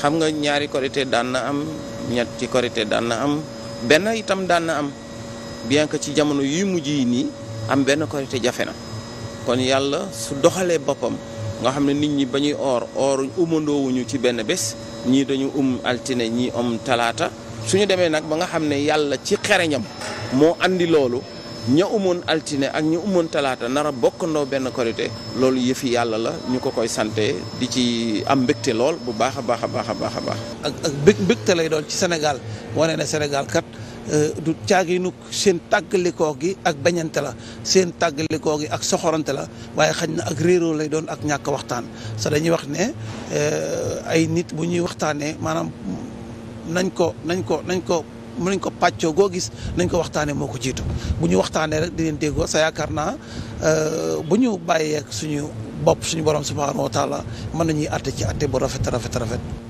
xam nga ñaari korité daan na am ñetti korité daan na am benn itam daan na am bien que ci jamono yuy mujj yi nii am benn korité jafe na kon yàlla su doxalee boppam nga xam ne nit ñi ba ñuy oor ooru umandoowuñu ci benn bés ñii dañu um altine ñii om um talaata su ñu demee nag ba nga xam ne yàlla ci xereñam moo indi loolu ña umoon altine ak ñu umoon talaata nar a bokkandoo benn korité loolu yëfi yàlla la ñu ko koy sante di ci am mbégte lool bu baax a baax a baax a baax a baax. ak ak bég mbégte lay doon ci Sénégal wane ne Sénégal kat euh, du caaginu seen tàggalikoo gi ak bañante la seen tàggalikoo gi ak soxorante la waaye xañ na ak réeroo lay doon ak ñàkk waxtaan sa dañuy wax ne euh, ay nit bu ñuy waxtaanee maanaam nañ ko nañ ko nañ ko. mën nañ ko pàccoo goo gis nañ ko waxtaanee moo ko jiitu bu ñu waxtaanee rek di déggoo sa yaakaar naa euh, bu ñu bàyyeek suñu bopp suñu borom subhanahu wa taala mën nañuy àtte ci àtte bu rafet rafet rafet.